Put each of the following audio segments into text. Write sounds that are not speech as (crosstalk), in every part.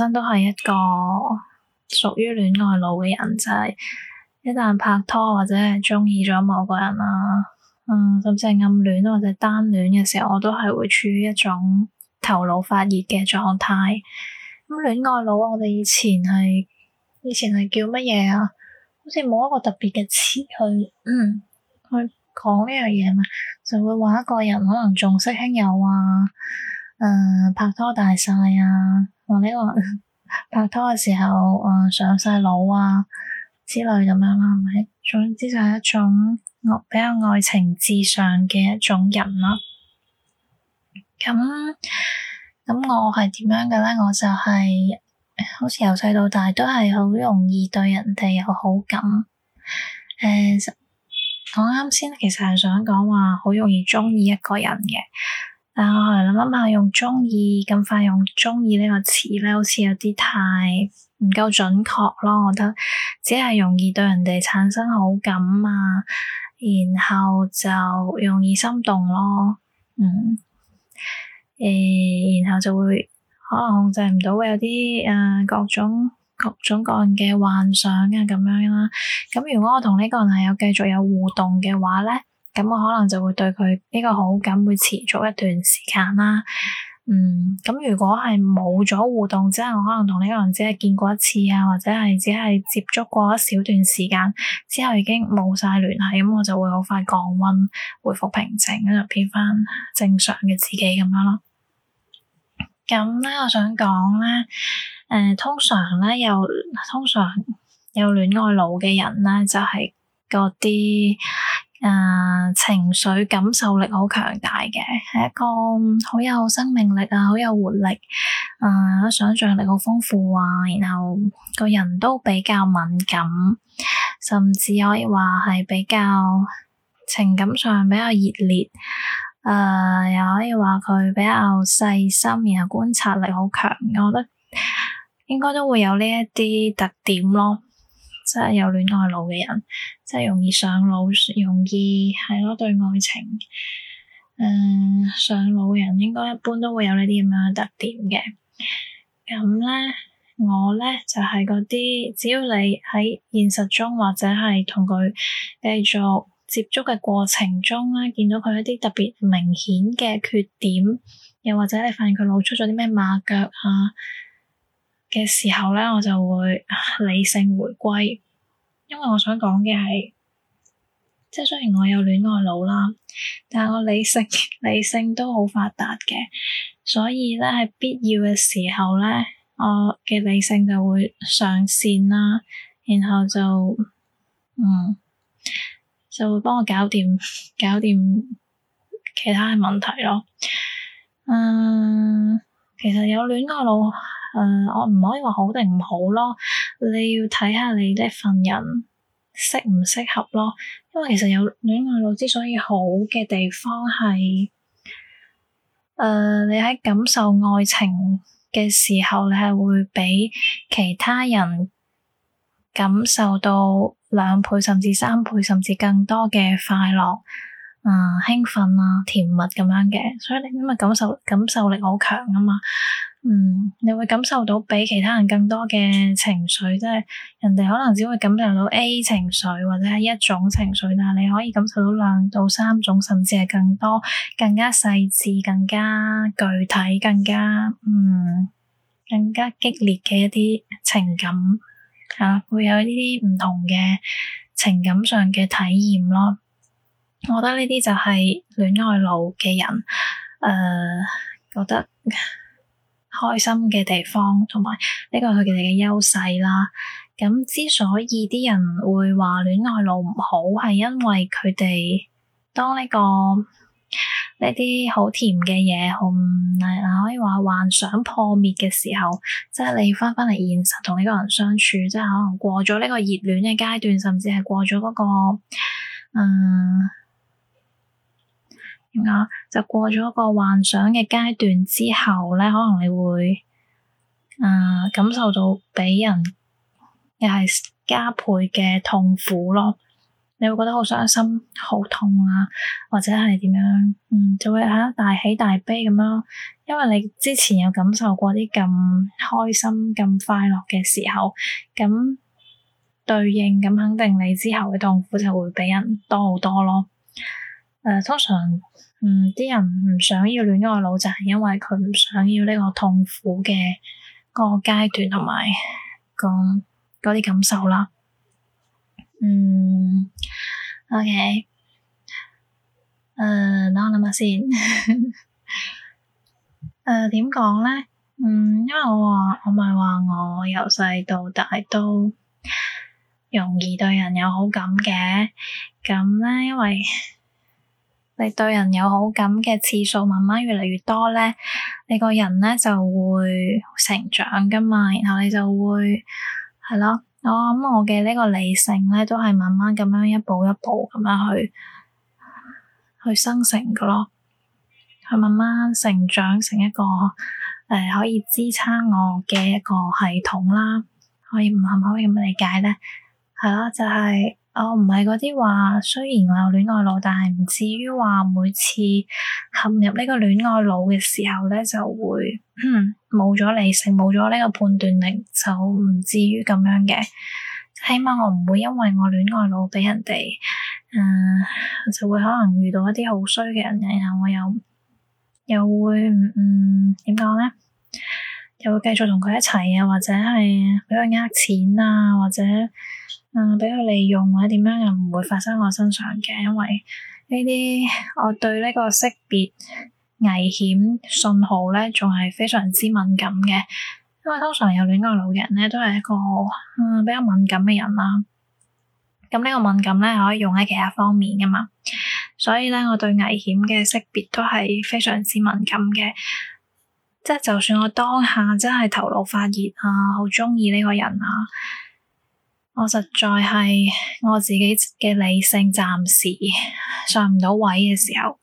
身都係一個屬於戀愛腦嘅人，就係一旦拍拖或者係中意咗某個人啦，嗯，甚至係暗戀或者單戀嘅時候，我都係會處於一種頭腦發熱嘅狀態。咁戀愛腦，我哋以前係以前係叫乜嘢啊？好似冇一個特別嘅詞去嗯，去講呢樣嘢嘛，就會話一個人可能重色輕友啊。Uh, 拍拖大晒啊！或者話拍拖嘅時候，呃、上晒腦啊之類咁樣啦，係咪？總之就係一種比較愛情至上嘅一種人啦、啊。咁咁我係點樣嘅咧？我就係、是、好似由細到大都係好容易對人哋有好感。誒、呃，我啱先其實係想講話，好容易鍾意一個人嘅。但係我嚟，諗諗下，用中意咁快用中意呢個詞咧，好似有啲太唔夠準確咯。我覺得只係容易對人哋產生好感啊，然後就容易心動咯。嗯，誒、呃，然後就會可能控制唔到，會有啲誒、呃、各，各種各種各樣嘅幻想啊咁樣啦、啊。咁如果我同呢個人係有繼續有互動嘅話咧？咁我可能就會對佢呢個好感會持續一段時間啦，嗯，咁如果係冇咗互動之後，即係我可能同呢個人只係見過一次啊，或者係只係接觸過一小段時間之後已經冇晒聯繫，咁我就會好快降溫，回復平靜，跟住變翻正常嘅自己咁樣咯。咁咧，我想講咧，誒、呃，通常咧，有通常有戀愛腦嘅人咧，就係嗰啲。呃、情緒感受力好強大嘅，係一個好有生命力啊，好有活力，呃、想象力好豐富啊，然後個人都比較敏感，甚至可以話係比較情感上比較熱烈，誒、呃，又可以話佢比較細心，然後觀察力好強，我覺得應該都會有呢一啲特點咯。即係有戀愛腦嘅人，即係容易上腦，容易係咯，對，對愛情，誒、呃、上腦人應該一般都會有呢啲咁樣嘅特點嘅。咁咧，我咧就係嗰啲，只要你喺現實中或者係同佢繼續接觸嘅過程中咧，見到佢一啲特別明顯嘅缺點，又或者你發現佢露出咗啲咩馬腳啊～嘅時候咧，我就會理性回歸，因為我想講嘅係，即係雖然我有戀愛腦啦，但係我理性理性都好發達嘅，所以咧喺必要嘅時候咧，我嘅理性就會上線啦，然後就嗯，就會幫我搞掂搞掂其他嘅問題咯。嗯，其實有戀愛腦。誒，uh, 我唔可以話好定唔好咯，你要睇下你呢份人適唔適合咯。因為其實有戀愛腦之所以好嘅地方係，誒、uh，你喺感受愛情嘅時候，你係會比其他人感受到兩倍甚至三倍甚至更多嘅快樂、嗯、興奮啊、甜蜜咁樣嘅。所以你因為感受感受力好強啊嘛。嗯，你會感受到比其他人更多嘅情緒，即係人哋可能只會感受到 A 情緒或者係一種情緒，但係你可以感受到兩到三種，甚至係更多、更加細緻、更加具體、更加嗯更加激烈嘅一啲情感，係啦，會有呢啲唔同嘅情感上嘅體驗咯。我覺得呢啲就係戀愛腦嘅人，誒覺得。開心嘅地方，同埋呢個佢哋嘅優勢啦。咁之所以啲人會話戀愛腦唔好，係因為佢哋當呢個呢啲好甜嘅嘢，好唔可以話幻想破滅嘅時候，即係你翻翻嚟現實同呢個人相處，即係可能過咗呢個熱戀嘅階段，甚至係過咗嗰個，嗯。點就過咗個幻想嘅階段之後咧，可能你會誒、呃，感受到俾人又係加倍嘅痛苦咯，你會覺得好傷心、好痛啊，或者係點樣？嗯，就會吓大喜大悲咁樣，因為你之前有感受過啲咁開心、咁快樂嘅時候，咁對應咁肯定你之後嘅痛苦就會俾人多好多咯。誒、呃，通常，嗯，啲人唔想要戀愛腦，就係因為佢唔想要呢個痛苦嘅嗰個階段、那個，同埋個嗰啲感受啦。嗯，OK，誒、呃，等我諗下先。誒、 (laughs) 呃，點講咧？嗯，因為我話，我咪話我由細到大都容易對人有好感嘅，咁咧，因為。你對人有好感嘅次數慢慢越嚟越多咧，你個人咧就會成長噶嘛，然後你就會係咯。我諗我嘅呢個理性咧，都係慢慢咁樣一步一步咁樣去去生成噶咯，去慢慢成長成一個誒、呃、可以支撐我嘅一個系統啦，可以唔係可以咁理解咧？係咯，就係、是。我唔係嗰啲話，雖然我有戀愛腦，但係唔至於話每次陷入呢個戀愛腦嘅時候咧，就會冇咗、嗯、理性，冇咗呢個判斷力，就唔至於咁樣嘅。起碼我唔會因為我戀愛腦俾人哋，誒、嗯，就會可能遇到一啲好衰嘅人，然後我又又會嗯點講咧？又會繼續同佢一齊啊，或者係俾佢呃錢啊，或者啊俾佢利用或者點樣，又唔會發生喺我身上嘅，因為呢啲我對呢個識別危險信號咧，仲係非常之敏感嘅。因為通常有戀愛腦嘅人咧，都係一個、呃、比較敏感嘅人啦。咁呢個敏感咧，可以用喺其他方面噶嘛。所以咧，我對危險嘅識別都係非常之敏感嘅。即係，就算我當下真係頭腦發熱啊，好鍾意呢個人啊，我實在係我自己嘅理性暫時上唔到位嘅時候，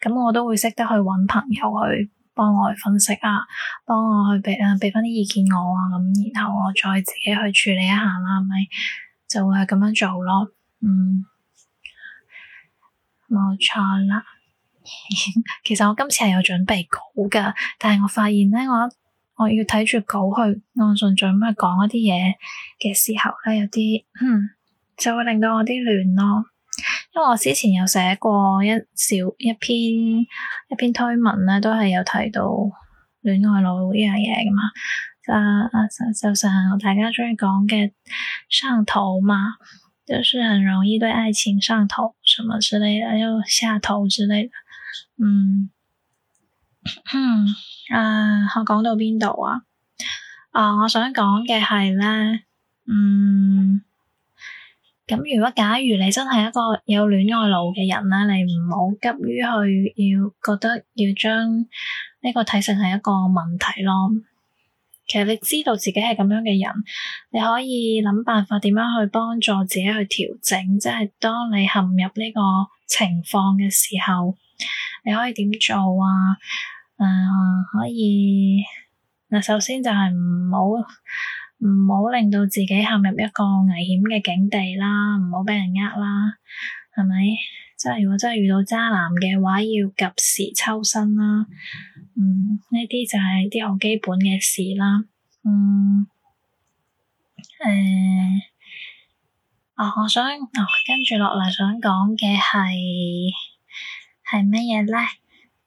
咁我都會識得去揾朋友去幫我去分析啊，幫我去畀畀翻啲意見我啊，咁然後我再自己去處理一下啦，係咪就會係咁樣做咯，嗯，冇錯啦。其實我今次係有準備稿噶，但係我發現咧，我我要睇住稿去按順序咁去講一啲嘢嘅時候咧，有啲、嗯、就會令到我啲亂咯。因為我之前有寫過一小一篇一篇推文咧，都係有提到戀愛腦呢樣嘢噶嘛。啊啊，就成大家中意講嘅上頭嘛，就是很容易對愛情上頭，什麼之類的，又下頭之類嗯，嗯，啊，我講到邊度啊？啊，我想講嘅係咧，嗯，咁如果假如你真係一個有戀愛腦嘅人咧，你唔好急於去要覺得要將呢個睇成係一個問題咯。其實你知道自己係咁樣嘅人，你可以諗辦法點樣去幫助自己去調整，即係當你陷入呢個情況嘅時候。你可以點做啊？誒、呃，可以。那首先就係唔好唔好令到自己陷入一個危險嘅境地啦，唔好俾人呃啦，係咪？即係如果真係遇到渣男嘅話，要及時抽身啦。嗯，呢啲就係啲好基本嘅事啦。嗯，誒、呃，啊、哦，我想跟住落嚟想講嘅係。係乜嘢咧？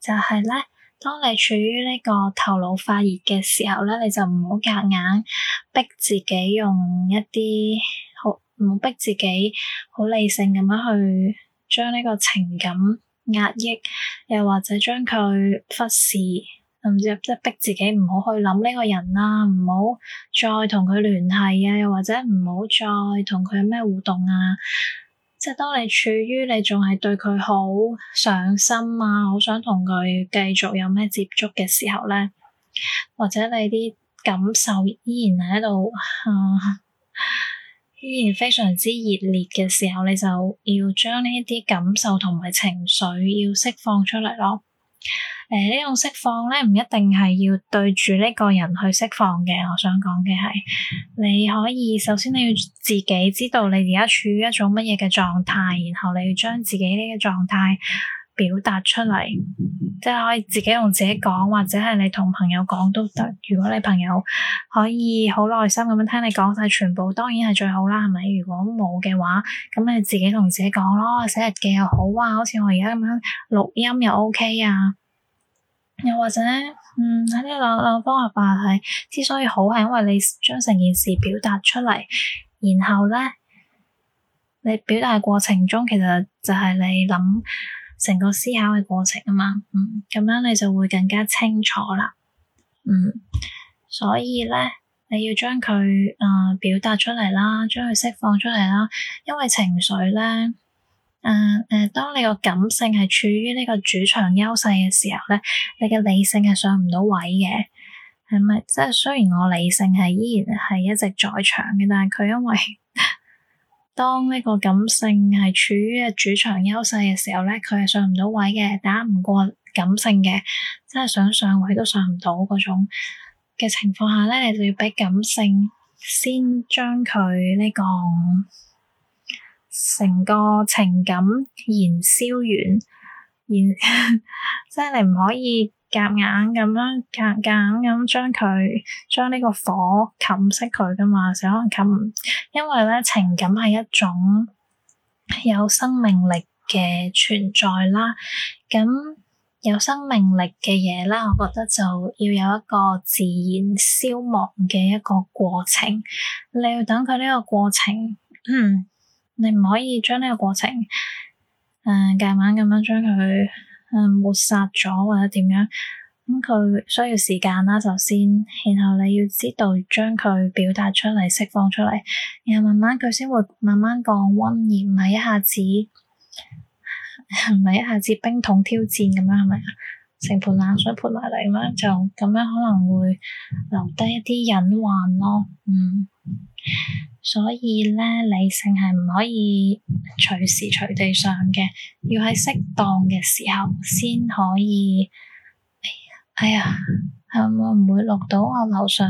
就係咧，當你處於呢個頭腦發熱嘅時候咧，你就唔好夾硬逼自己用一啲好唔好逼自己好理性咁樣去將呢個情感壓抑，又或者將佢忽視，甚至即係逼自己唔好去諗呢個人啦，唔好再同佢聯繫啊，又或者唔好再同佢有咩互動啊。其實當你處於你仲係對佢好上心啊，好想同佢繼續有咩接觸嘅時候咧，或者你啲感受依然喺度，啊，依然非常之熱烈嘅時候，你就要將呢啲感受同埋情緒要釋放出嚟咯。誒，呢種釋放咧，唔一定係要對住呢個人去釋放嘅。我想講嘅係，你可以首先你要自己知道你而家處於一種乜嘢嘅狀態，然後你要將自己呢個狀態。表達出嚟，即係可以自己同自己講，或者係你同朋友講都得。如果你朋友可以好耐心咁樣聽你講晒全部，當然係最好啦，係咪？如果冇嘅話，咁你自己同自己講咯，寫日記又好啊，好似我而家咁樣錄音又 OK 啊。又或者，嗯，喺呢兩兩方法係之所以好，係因為你將成件事表達出嚟，然後咧，你表達過程中其實就係你諗。成個思考嘅過程啊嘛，嗯，咁樣你就會更加清楚啦，嗯，所以咧，你要將佢誒、呃、表達出嚟啦，將佢釋放出嚟啦，因為情緒咧，誒、呃、誒、呃，當你個感性係處於呢個主場優勢嘅時候咧，你嘅理性係上唔到位嘅，係咪？即係雖然我理性係依然係一直在場嘅，但係佢因為。當呢個感性係處於主場優勢嘅時候咧，佢係上唔到位嘅，打唔過感性嘅，即係想上位都上唔到嗰種嘅情況下咧，你就要畀感性先將佢呢個成個情感燃燒完，燃， (laughs) 即係你唔可以。夾硬咁樣，夾硬咁將佢將呢個火冚熄佢噶嘛，就可能冚唔，因為咧情感係一種有生命力嘅存在啦，咁有生命力嘅嘢啦，我覺得就要有一個自然消亡嘅一個過程，你要等佢呢個過程，嗯，你唔可以將呢個過程誒夾硬咁樣將佢。呃嗯，抹殺咗或者點樣咁，佢、嗯、需要時間啦，首先，然後你要知道將佢表達出嚟，釋放出嚟，然後慢慢佢先會慢慢降溫，而唔係一下子，唔 (laughs) 係一下子冰桶挑戰咁樣，係咪啊？成盆冷水潑埋嚟咁樣，就咁樣可能會留低一啲隱患咯。嗯，所以呢理性係唔可以隨時隨地上嘅，要喺適當嘅時候先可以。哎呀，哎呀，會唔會錄到我樓上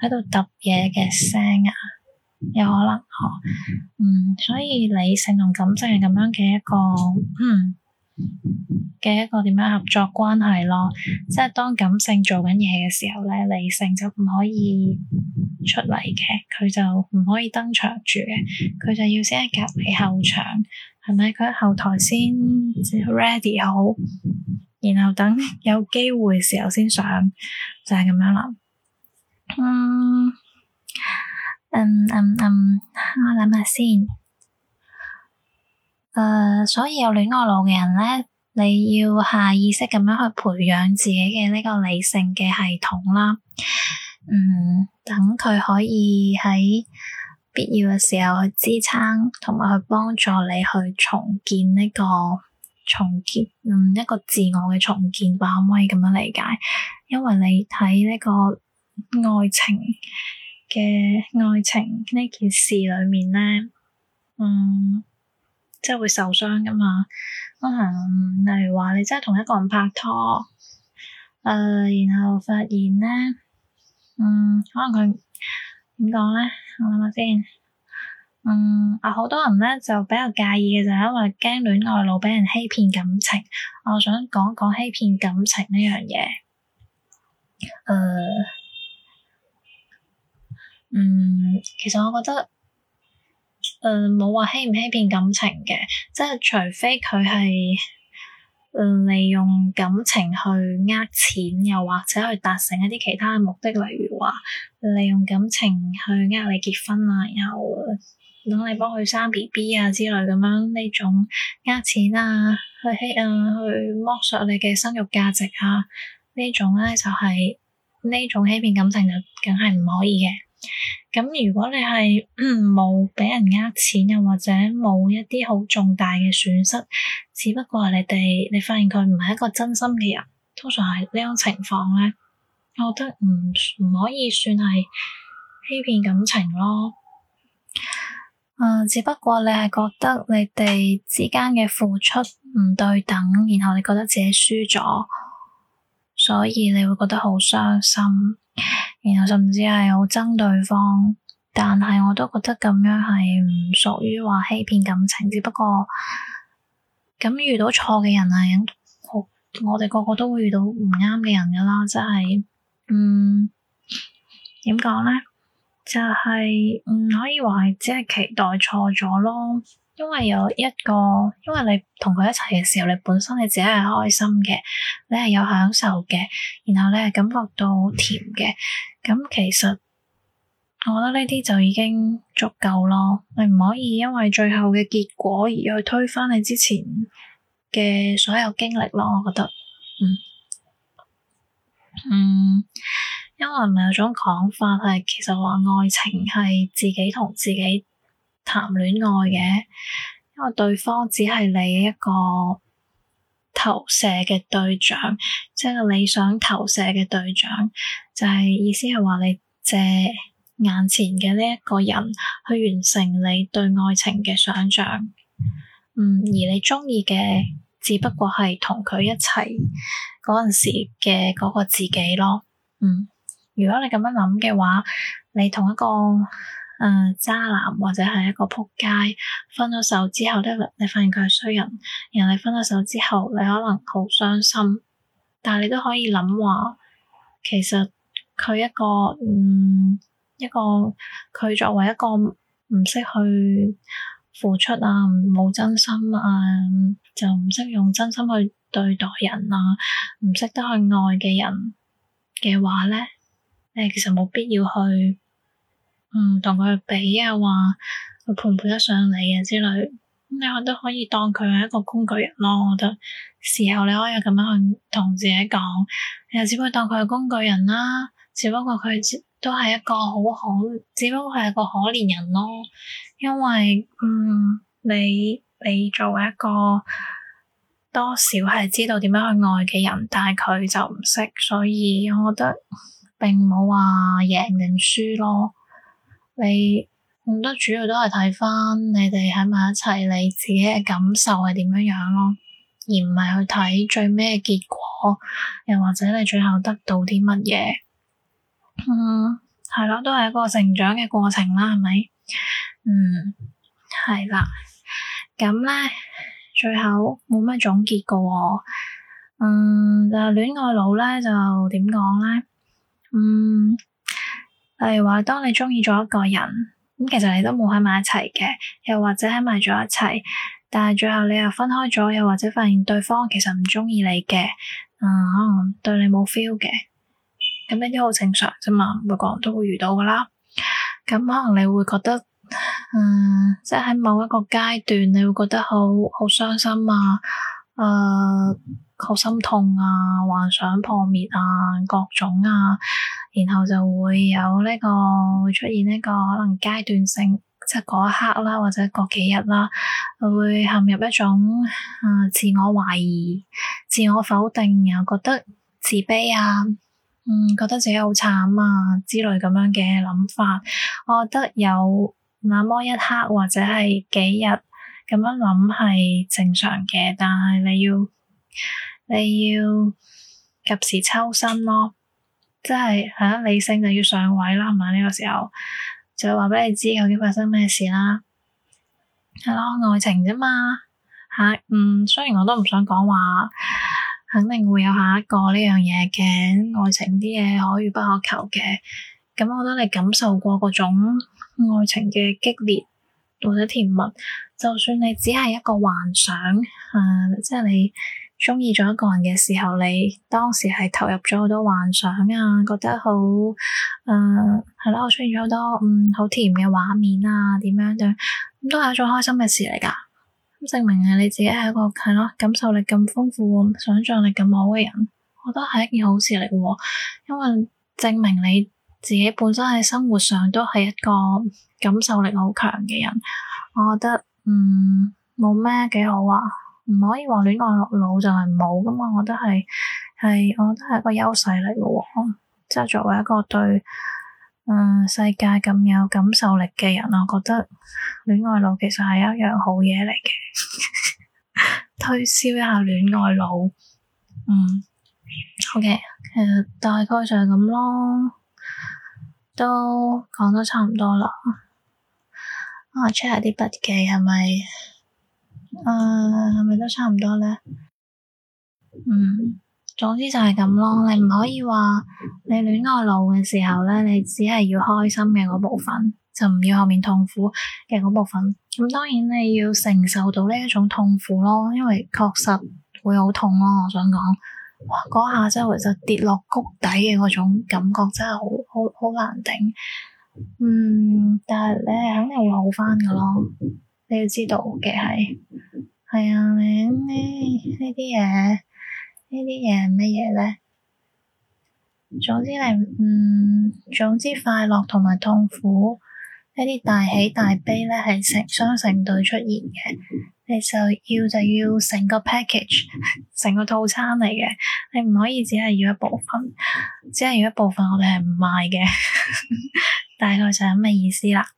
喺度揼嘢嘅聲啊？有可能。哦，嗯，所以理性同感性係咁樣嘅一個，嗯。嘅一個點樣合作關係咯，即係當感性做緊嘢嘅時候咧，理性就唔可以出嚟嘅，佢就唔可以登場住嘅，佢就要先喺隔離後場係咪？佢喺後台先 ready 好，然後等有機會時候先上，就係咁樣啦。嗯，嗯嗯嗯，我諗下先。誒，uh, 所以有戀愛腦嘅人咧，你要下意識咁樣去培養自己嘅呢個理性嘅系統啦。嗯，等佢可以喺必要嘅時候去支撐，同埋去幫助你去重建呢、呢個重建，嗯，一個自我嘅重建，可唔可以咁樣理解？因為你睇呢個愛情嘅愛情呢件事裏面咧，嗯。即係會受傷噶嘛，可能例如話你真係同一個人拍拖，誒、呃，然後發現咧，嗯，可能佢，點講咧，我諗下先，嗯，啊，好多人咧就比較介意嘅就係因為驚戀愛腦俾人欺騙感情，我想講講欺騙感情呢樣嘢，誒、呃，嗯，其實我覺得。誒，冇話、呃、欺唔欺騙感情嘅，即係除非佢係誒利用感情去呃錢，又或者去達成一啲其他嘅目的，例如話利用感情去呃你結婚啊，又等你幫佢生 B B 啊之類咁樣，呢種呃錢啊，去欺啊，去剝削你嘅生育價值啊，種呢種咧就係、是、呢種欺騙感情就梗係唔可以嘅。咁如果你係冇俾人呃錢，又或者冇一啲好重大嘅損失，只不過係你哋你發現佢唔係一個真心嘅人，通常係呢種情況咧，我覺得唔唔可以算係欺騙感情咯。呃，只不過你係覺得你哋之間嘅付出唔對等，然後你覺得自己輸咗，所以你會覺得好傷心。然後甚至係好憎對方，但係我都覺得咁樣係唔屬於話欺騙感情，只不過咁遇到錯嘅人啊，好，我哋個個都會遇到唔啱嘅人㗎啦，即係嗯點講咧，就係、是、嗯、就是、嗯、可以話係只係期待錯咗咯。因為有一個，因為你同佢一齊嘅時候，你本身你自己係開心嘅，你係有享受嘅，然後你係感覺到甜嘅，咁其實我覺得呢啲就已經足夠咯。你唔可以因為最後嘅結果而去推翻你之前嘅所有經歷咯。我覺得，嗯嗯，因為唔係有種講法係，其實話愛情係自己同自己。談戀愛嘅，因為對方只係你一個投射嘅對象，即係你想投射嘅對象，就係意思係話你借眼前嘅呢一個人去完成你對愛情嘅想象嗯，而你中意嘅只不過係同佢一齊嗰陣時嘅嗰個自己咯。嗯，如果你咁樣諗嘅話，你同一個。誒、呃，渣男或者係一個撲街，分咗手之後咧，你發現佢係衰人，然後你分咗手之後，你可能好傷心，但係你都可以諗話，其實佢一個嗯一個佢作為一個唔識去付出啊，冇真心啊，就唔識用真心去對待人啊，唔識得去愛嘅人嘅話呢，誒，其實冇必要去。嗯，同佢比啊，話佢配唔配得上你啊之類，你覺得可以當佢係一個工具人咯。我覺得，事後你可以咁樣去同自己講，你又只不過當佢係工具人啦，啊，只不過佢都係一個好可，只不過係一個可憐人咯。因為，嗯，你你做一個多少係知道點樣去愛嘅人，但係佢就唔識，所以我覺得並冇話贏定輸咯。你咁得主要都係睇翻你哋喺埋一齊，你自己嘅感受係點樣樣咯，而唔係去睇最尾嘅結果，又或者你最後得到啲乜嘢？嗯，係咯，都係一個成長嘅過程啦，係咪？嗯，係啦，咁咧最後冇咩總結噶，嗯，但戀愛腦呢就戀愛腦咧就點講咧？嗯。例如話，當你鍾意咗一個人，咁其實你都冇喺埋一齊嘅，又或者喺埋咗一齊，但係最後你又分開咗，又或者發現對方其實唔鍾意你嘅，嗯，可能對你冇 feel 嘅，咁呢啲好正常啫嘛，每個人都會遇到㗎啦。咁可能你會覺得，嗯，即係喺某一個階段你會覺得好好傷心啊，誒、嗯。好心痛啊！幻想破滅啊，各種啊，然後就會有呢個會出現呢個可能階段性，即係嗰一刻啦、啊，或者嗰幾日啦、啊，會陷入一種誒、呃、自我懷疑、自我否定、啊，又覺得自卑啊，嗯，覺得自己好慘啊之類咁樣嘅諗法。我覺得有那麼一刻或者係幾日咁樣諗係正常嘅，但係你要。你要及時抽身咯，即係吓理性就要上位啦，係嘛，呢個時候就話俾你知究竟發生咩事啦，係、啊、咯，愛情啫嘛吓，嗯，雖然我都唔想講話，肯定會有下一個呢樣嘢，嘅愛情啲嘢可遇不可求嘅。咁我覺得你感受過嗰種愛情嘅激烈或者甜蜜，就算你只係一個幻想，啊、即係你。鍾意咗一個人嘅時候，你當時係投入咗好多幻想啊，覺得好誒係咯，我出現咗好多嗯好甜嘅畫面啊，點樣對咁都係一種開心嘅事嚟噶。咁證明啊你自己係一個係咯感受力咁豐富、想象力咁好嘅人，我覺得係一件好事嚟嘅，因為證明你自己本身喺生活上都係一個感受力好強嘅人。我覺得嗯冇咩幾好啊。唔可以話戀愛腦就係冇噶嘛，我都係係，我覺得係個優勢嚟噶，即係作為一個對，嗯、呃、世界咁有感受力嘅人，我覺得戀愛腦其實係一樣好嘢嚟嘅， (laughs) 推銷一下戀愛腦。嗯，o、okay, k 其實大概就係咁咯，都講得差唔多啦。我 check 下啲筆記係咪？是誒，係咪、uh, 都差唔多咧？嗯，總之就係咁咯。你唔可以話你戀愛腦嘅時候咧，你只係要開心嘅嗰部分，就唔要後面痛苦嘅嗰部分。咁、嗯、當然你要承受到呢一種痛苦咯，因為確實會好痛咯。我想講，哇，嗰下周圍就跌落谷底嘅嗰種感覺真係好好好難頂。嗯，但係你係肯定會好翻噶咯。你要知道嘅係，係啊，你呢啲嘢，呢啲嘢係乜嘢咧？總之你，嗯，總之快樂同埋痛苦呢啲大喜大悲咧，係成雙成對出現嘅。你就要就要成個 package，成個套餐嚟嘅。你唔可以只係要一部分，只係要一部分我，我哋係唔賣嘅。大概就係咁嘅意思啦。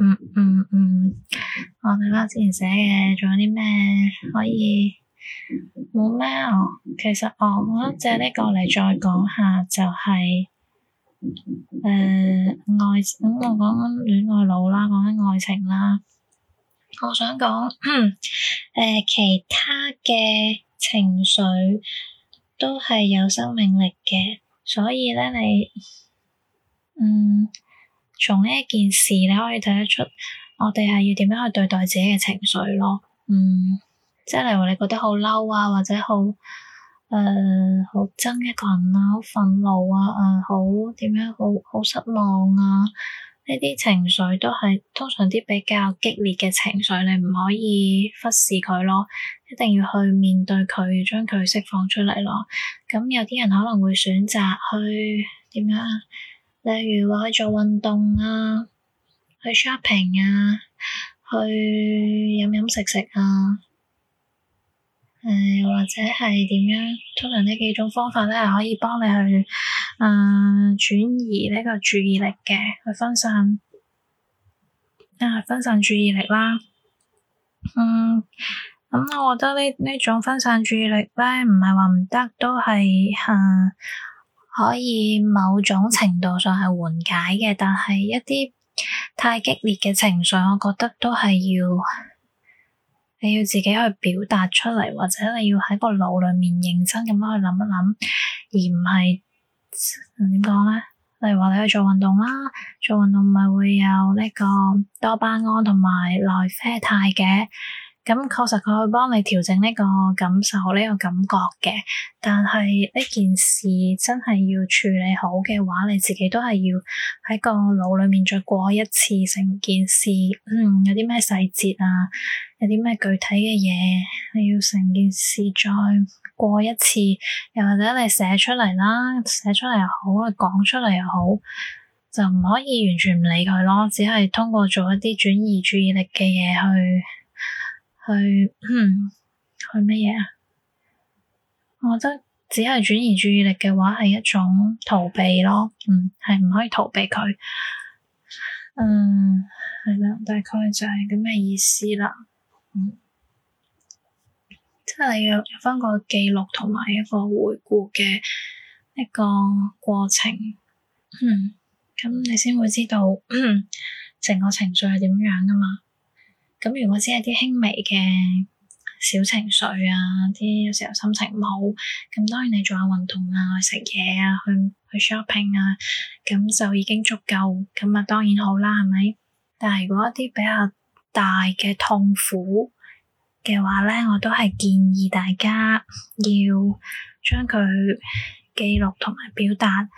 嗯嗯嗯，我睇翻之前寫嘅，仲有啲咩可以？冇咩哦，其實、哦、我、就是，即借呢個嚟再講下，就係誒愛，咁、嗯、我講緊戀愛腦啦，講緊愛情啦，我想講，誒、 (coughs) 呃、其他嘅情緒都係有生命力嘅，所以咧你，嗯。從呢一件事，你可以睇得出，我哋係要點樣去對待自己嘅情緒咯。嗯，即係例如你覺得好嬲啊，或者好誒好憎一個人啊，好憤怒啊，誒好點樣，好好失望啊，呢啲情緒都係通常啲比較激烈嘅情緒，你唔可以忽視佢咯，一定要去面對佢，要將佢釋放出嚟咯。咁有啲人可能會選擇去點樣？例如話去做運動啊，去 shopping 啊，去飲飲食食啊，誒、呃，或者係點樣？通常呢幾種方法咧係可以幫你去誒、呃、轉移呢個注意力嘅，去分散啊，分散注意力啦。嗯，咁、嗯、我覺得呢呢種分散注意力咧，唔係話唔得，都係誒。啊可以某種程度上係緩解嘅，但係一啲太激烈嘅情緒，我覺得都係要你要自己去表達出嚟，或者你要喺個腦裡面認真咁樣去諗一諗，而唔係點講咧？例如話你去做運動啦，做運動咪會有呢個多巴胺同埋內啡肽嘅。咁確實佢會幫你調整呢個感受、呢個感覺嘅，但係呢件事真係要處理好嘅話，你自己都係要喺個腦裡面再過一次成件事，嗯，有啲咩細節啊，有啲咩具體嘅嘢，你要成件事再過一次，又或者你寫出嚟啦，寫出嚟又好，講出嚟又好，就唔可以完全唔理佢咯，只係通過做一啲轉移注意力嘅嘢去。去、嗯、去乜嘢啊？我覺得只係轉移注意力嘅話，係一種逃避咯。嗯，係唔可以逃避佢。嗯，係啦，大概就係咁嘅意思啦。嗯，即係你要有翻個記錄同埋一個回顧嘅一個過程。嗯，咁你先會知道，嗯，成 (coughs) 個情緒係點樣噶嘛咁如果只係啲輕微嘅小情緒啊，啲有時候心情唔好，咁當然你做下運動啊、食嘢啊、去去 shopping 啊，咁就已經足夠，咁啊當然好啦，係咪？但係如果一啲比較大嘅痛苦嘅話咧，我都係建議大家要將佢記錄同埋表達，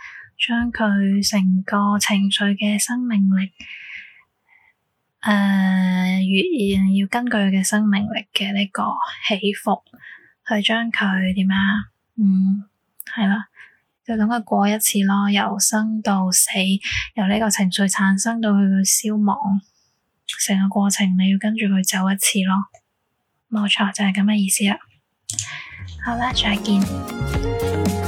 將佢成個情緒嘅生命力。誒，語言、uh，要根據佢嘅生命力嘅呢、呢個起伏，去將佢點啊？嗯，係啦，就等佢過一次咯，由生到死，由呢個情緒產生到佢嘅消亡，成個過程你要跟住佢走一次咯。冇錯，就係咁嘅意思啦。好啦，再見。